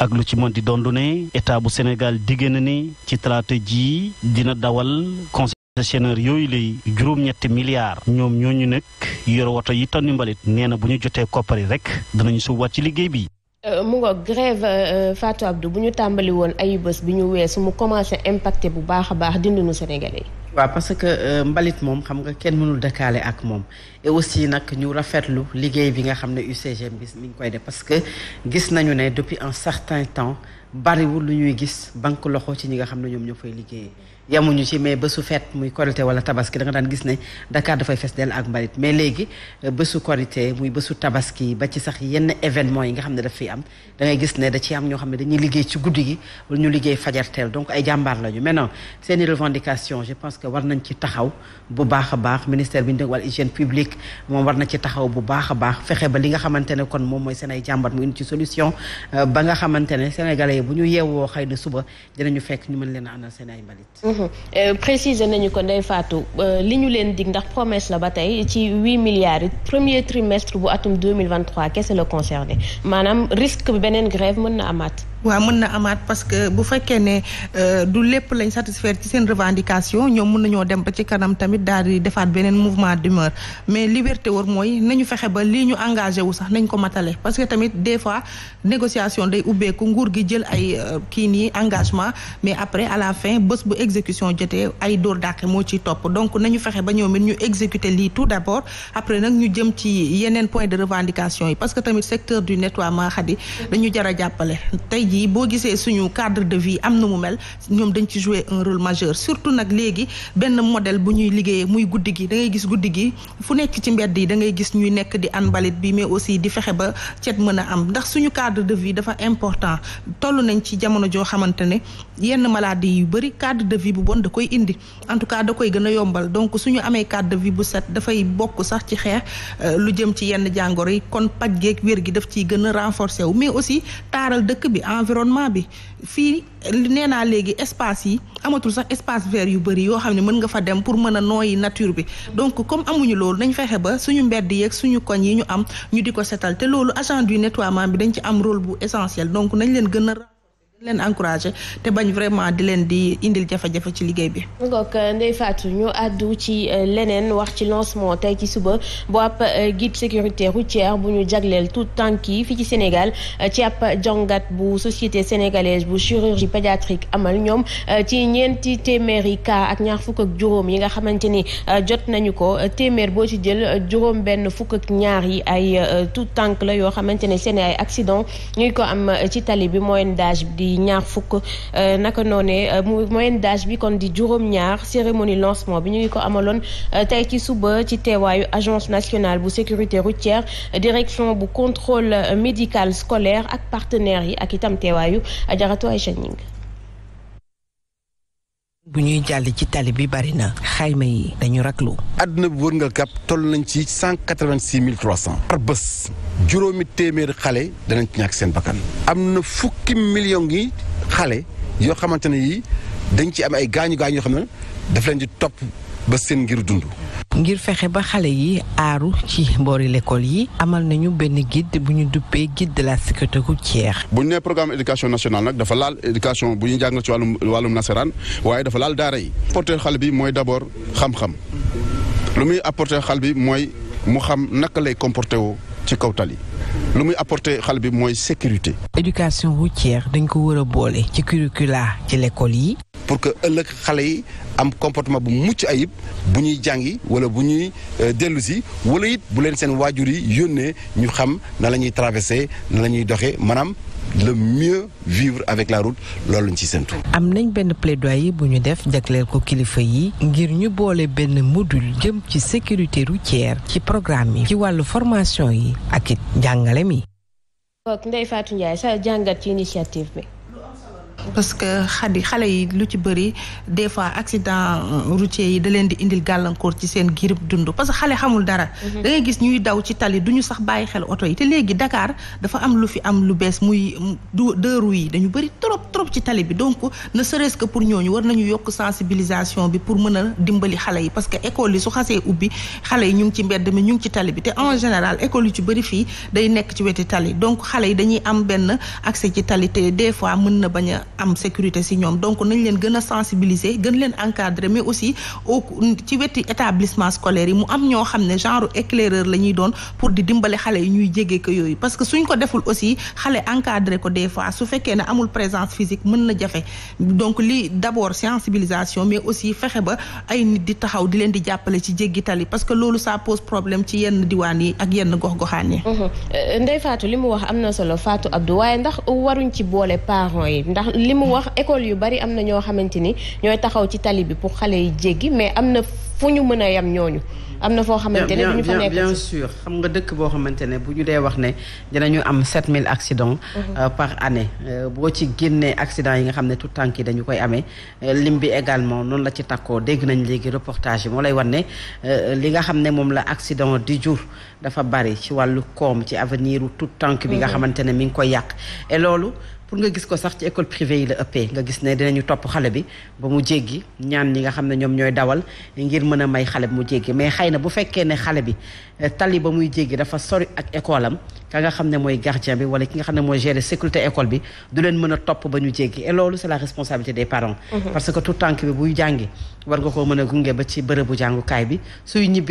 ak lu ci mën di dondu ne état bu Sénégal digée na ne ci talaata ji dina dawal concessionnaire yooyu lay juróom-ñetti milliards ñoom ñu nag yor woto yi tonni mbalit nee na bu ñu jotee koppari rek danañu suubaat ci liggéey bi euh, mu ngo grève euh, Fatou Abdou bu ñu tàmbali woon ayu bés bi ñu weesu mu commencé impacté bu baax a baax dindunu Sénégalais yi waaw parce que euh, mbalit moom xam nga kenn mënul dëkkaale ak moom et aussi nag ñu rafetlu liggéey bi nga xam ne UCG bis mi ngi koy def parce que gis nañu ne depuis un certain temps bariwul lu ñuy gis banque loxo ci ñi nga xam ne ñoom ñoo fay liggéeyee yamuñu ci mais bésu feet muy korité wala tabaski da nga daan gis ne Dakar dafay fes dell ak mbalit mais léegi euh, bésu korité muy bésu tabaski ba ci sax yenn événement yi nga xam ne daf fiy am da gis ne da ciy am ñoo xam ne dañuy liggéey ci guddi gi wala ñu liggéey fajarteel donc ay jàmbaar lañu maintenant seeni revendication je pense que war nañ ci taxaw bu baax a baax ministère bi ñu dégg wàllu hygiène publique moom war na ci taxaw bu baax a baax fexe ba li nga xamante ne kon moom mooy seen ay jàmbar mu indi ci solution euh, ba nga xamante ne sénégalais xale bu ñu yeewoo xëy na suba dinañu fekk ñu mën leen a àndal seen ay mbalit. Mhm. Euh, préciser nañu ko Ndeye Fatou euh, li ñu leen dig ndax promesse la ba tey ci huit milliards premier trimestre bu atum kese la concerné maanaam risque beneen grève mën na amaat. waaw mën na amaat parce que bu fekkee ne euh, du lépp lañ satisfaire ci seen revendication ñoom mun nañoo dem ba ci kanam tamit daal di defaat beneen mouvement d'humeur mais liberté war mooy nañu fexe ba lii ñu engagé wu sax nañ ko matale parce que tamit des fois négociation day ubbeeku nguur gi jël ay euh, kii nii engagement mais après à la fin bés bu exécution jotee ay dóor dàqe moo ciy topp donc nañu fexe ba ñoom it ñu exécuter lii tout d'abord après nag ñu jëm ci yeneen point de revendication yi parce que tamit secteur du nettoiement xadi dañu jar a jàppale jii boo gisee suñu cadre de vie am na mu mel ñoom dañ ci jouer un rôle majeur surtout nag léegi benn modèle bu ñuy liggéeyee muy guddi gi da ngay gis guddi gi fu nekk ci mbedd yi dangay gis ñuy nekk di an mbalit bi mais aussi di fexe ba cet mën a am ndax suñu cadre de vie dafa important toll nañ ci jamono joo xamante ne yenn maladie yu bëri cadre de vie bu bon da koy indi en tout cas da koy gën a yombal donc suñu amee cadre de vie bu set dafay bokk sax ci xeex euh, lu jëm ci yenn jàngoro yi kon paj geeg wér gi daf ciy gën a renforcer mais environnement bi fii nee naa léegi espace yi amatul sax espace vert yu bari yoo xam ne mën nga fa dem pour mën a nooyi nature bi donc comme amuñu loolu nañ fexe ba suñu mbedd yeeg suñu koñ yi ñu am ñu di ko setal te loolu agent du nettoiement bi dañ ci am rôle bu essentiel donc nañ leen gën a leen encouragé te bañ vraiment di leen di indil jafe-jafe ci liggéey bi. ngok euh, Ndeye Fatou ñu àddu ci euh, leneen wax ci lancement tey ci suba bu ab euh, guide sécurité routière bu ñu jagleel tout tànk yi fii ci Sénégal ci ab jongat bu société sénégalaise bu chirurgie pédiatrique amal ñoom ci ñeenti téeméeri cas ak ñaar fukk ak juróom yi nga xamante ni jot nañu ko téeméer boo ci jël juróom benn fukk ak ñaar yi ay tout tànk la yoo xamante ne seen ay accident ñaar fukk euh, naka noonee euh, mu moyenne d'âge bi kon di juróom-ñaar cérémonie lancement bi ñu ngi ko amaloon euh, tey ci suba ci teewaayu agence nationale bu sécurité routière direction bu contrôle médical scolaire ak partenaires yi ak itam teewaayu Ajaratu Aïcha Ñing bu ñuy jàll ci tali bi bari na xayma yi dañu raklu. àdduna bi wërngal kap toll nañ ci cent quatre-vingt-six mille trois cent. juróomi téeméeri xale danañ ci ñàkk seen bakkan. am na fukki million yi xale yoo xamante ne yii dañ ci am ay gaañu gaañu yoo xam ne daf leen di topp. ba seen ngir dund. ngir fexe ba xale yi aaru ci mboori l'école yi amal nañu benn guide bu ñu duppee guide de la sécurité routière. bu ñu nee programme éducation nationale nag dafa laal éducation bu ñu jàngal ci wàllum wàllum nasaraan waaye dafa laal daara yi. apporter xale bi mooy d'abord xam-xam lu muy apporter xale bi mooy mu xam naka lay comporté woo ci kaw tali lu muy apporter xale bi mooy sécurité. éducation routière dañ ko war a boole ci curricula ci l'école yi. pour que ëllëg xale yi am comportement bu mucc ayib bu ñuy jàngi wala bu ñuy euh, dellu si wala it bu leen seen waajur yi yónnee ñu xam na la ñuy traversé na la ñuy doxee maanaam le mieux vivre avec la route loolu lañ ci séntu. am nañ benn plaidoyer bu ñu def jagleel ko kilifa yi ngir ñu boole benn module jëm ci sécurité routière ci programme yi ci wàllu formation yi ak it njàngale mi. parce que xadi xale yi lu ci bëri des fois accident routier yi da leen di indil gàllankoor ci seen girib dund parce que xale xamul dara mhm. da ngay gis ñuy daw ci tali du ñu sax bàyyi xel oto yi te léegi dakaar dafa am lu fi am lu bees muy deux yi dañu bëri trop trop ci tali bi donc nañu a dimbali xale yi parce que école yi su xasee ubbi xale yi ñu ngi ci mbedd mi ñu ngi ci tali bi te en général école yu ci na a am sécurité si ñoom donc nañ leen gën a sensibiliser gën leen encadrer mais aussi au ci weti établissement scolaire yi mu am ñoo xam ne genre éclaireur la ñuy doon pour di dimbali xale yi ñuy jege ko yooyu parce que suñ ko deful aussi xale encadrer ko des su fekkee ne amul présence physique mën na jafe donc li d'abord sensibilisation mais aussi fexe ba ay nit di taxaw di leen di jàppale ci jéggi tali parce que loolu ça pose problème ci yenn diwaan yi ak yenn gox-goxaan yi. Euh, Ndeye faatu li mu wax am na solo Fatou Abdou waaye ndax waruñ ci boole parents yi ndax li mu wax école yu bari am na ñoo xamante ni ñooy taxaw ci tali bi pour xale yi jéggi mais am na. fu ñu mën yam yem ñooñu am na foo xamante ne duñu fa nekk bien nga dëkk boo xamante ne bu ñu dee wax ne dinañu am 7000 accidents mhm. euh, par année euh, boo ci génnee accident yi nga xam ne tout tànk yi dañu koy amee euh, lim bi également noonu la ci takkoo dégg nañ léegi reportage yi moo lay wan ne li nga xam ne moom la accident di jur dafa bari ci wàllu koom ci avenir tout tànk bi nga mhm. xamante ne mi ngi koy yàq et loolu pour nga gis ko sax ci école privée yi la ëppee nga gis ne dinañu topp xale bi ba mu jéggi ñaan ñi nga xam ne ñoom ñooy dawal ngir mën a may xale bi mu jéggi mais xay na bu fekkee ne xale bi euh, tali ba muy jéggi dafa sori ak école am ka nga xam ne mooy gardien bi wala ki nga xam ne mooy gérer sécurité école bi du leen mën a topp ba ñu jéggi et loolu c'est la responsabilité des parents mm-hmm. parce que tout tànk bi buy jàngi war nga ko mën a gunge ba ci bërëbu bi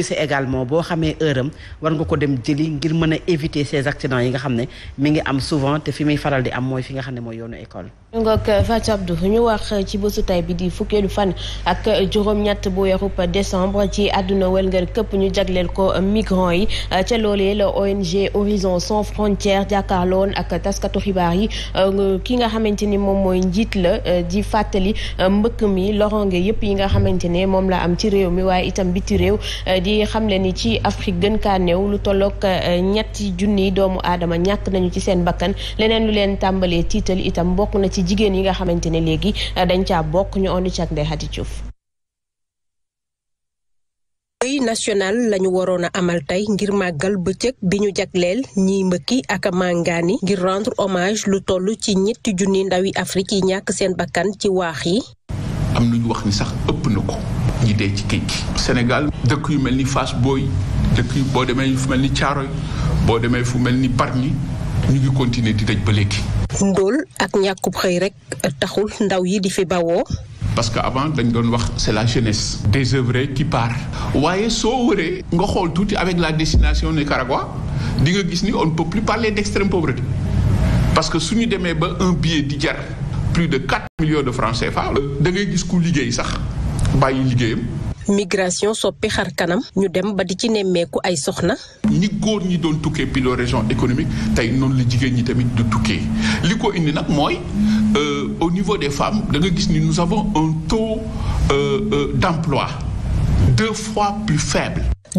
boo xamee heure am war nga ko dem jëli ngir a yi nga xam ne mi xam ne mooy yoonu école. ngoog Fatou Abdou ñu wax ci bésu tay bi di fukkeelu fan ak juróom-ñett bu weerub décembre ci àdduna wëlngal këpp ñu jagleel ko migrants yi ca loolee la ONG Horizon Sans ak taskatu xibaar yi ki nga xamante ni moom mooy njiit la di fàttali mbëkk mi loronge yëpp yi nga xamante ne moom la am ci réew mi waaye itam biti réew di xamle ni ci Afrique gën kaa new lu tolloog ñetti junniy doomu aadama ñàkk nañu ci seen bakkan leneen lu leen tàmbalee ci tiital itam bokk na ci jigéen yi nga xamante ne léegi eh, dañ caa bokk ñu onu ci ak Ndeye Khady national lañu waroon a amal tey ngir màggal bëccëg bi ñu jagleel ñiy mbëkki ak màngaani ngir rendre hommage lu toll ci ñetti junni ndawi Afrique yi ñàkk seen bakkan ci waax yi. am na ñu wax ni sax ëpp na ko. ñi dee ci géej gi. Sénégal dëkk yu mel ni Fass Boye dëkk yu boo demee fu boo demee fu mel ni ñu ngi continuer di daj ba léegi. ndóol ak ñàkkub xëy rek taxul ndaw yi di fi bawoo. parce que avant dañ doon wax c'est la jeunesse désœuvrée qui part waaye soo wëree nga xool tuuti avec la destination Nicaragua di nga gis ni on ne peut plus parler d'extrême pauvreté parce que su ñu demee ba un billet di jar plus de quatre millions de francs CFA da ngay gis ku liggéey sax bàyyi liggéeyam. migration soppi xar kanam ñu dem ba di ci nemmeeku ay soxna. ni góor ñi doon tukkee pilo région économique tey noonu la jigéen ñi tamit du tukkee li ko indi nag mooy euh, au niveau des femmes da nga gis ni nous avons un taux euh, euh, d'emploi.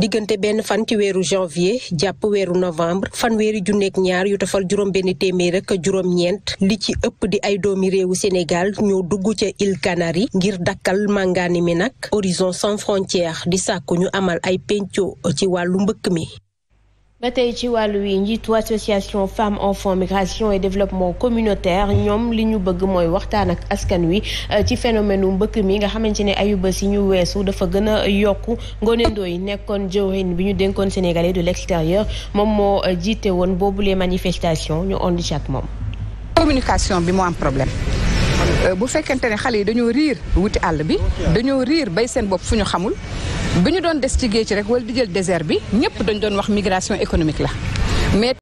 diggante benn fan ci weeru janvier jàpp weeru novembre fanweeri junneeg ñaar yu tafal juróom benn téeméer ak juróom-ñeent li ci ëpp di ay doomi réewu Sénégal ñoo dugg ca île Canaries ngir dakkal màngaani mi nag Horizon sans frontières di sàkku ñu amal ay penco ci wàllu mbëkk mi. ba tey ci wàllu wi njiitu association femmes enfants migration et développement communautaire ñoom li ñu bëgg mooy waxtaan ak askan wi euh, ci phénomène u mbëkk mi nga xamante ne ayuba si ñu weesu dafa gën a yokku Ngoné Ndoye nekkoon jëwriñ bi ñu dénkoon sénégalais de l'extérieur moom moo euh, jiite woon boobulee manifestation ñu ondi ci moom communication bi mu am problème euh, bu fekkente ne xale yi dañoo riir wuti àll bi dañoo riir bay seen bopp fu ñu xamul bi ñu doon des ci géej ci rek wala di jël désert bi ñëpp dañu doon wax migration économique la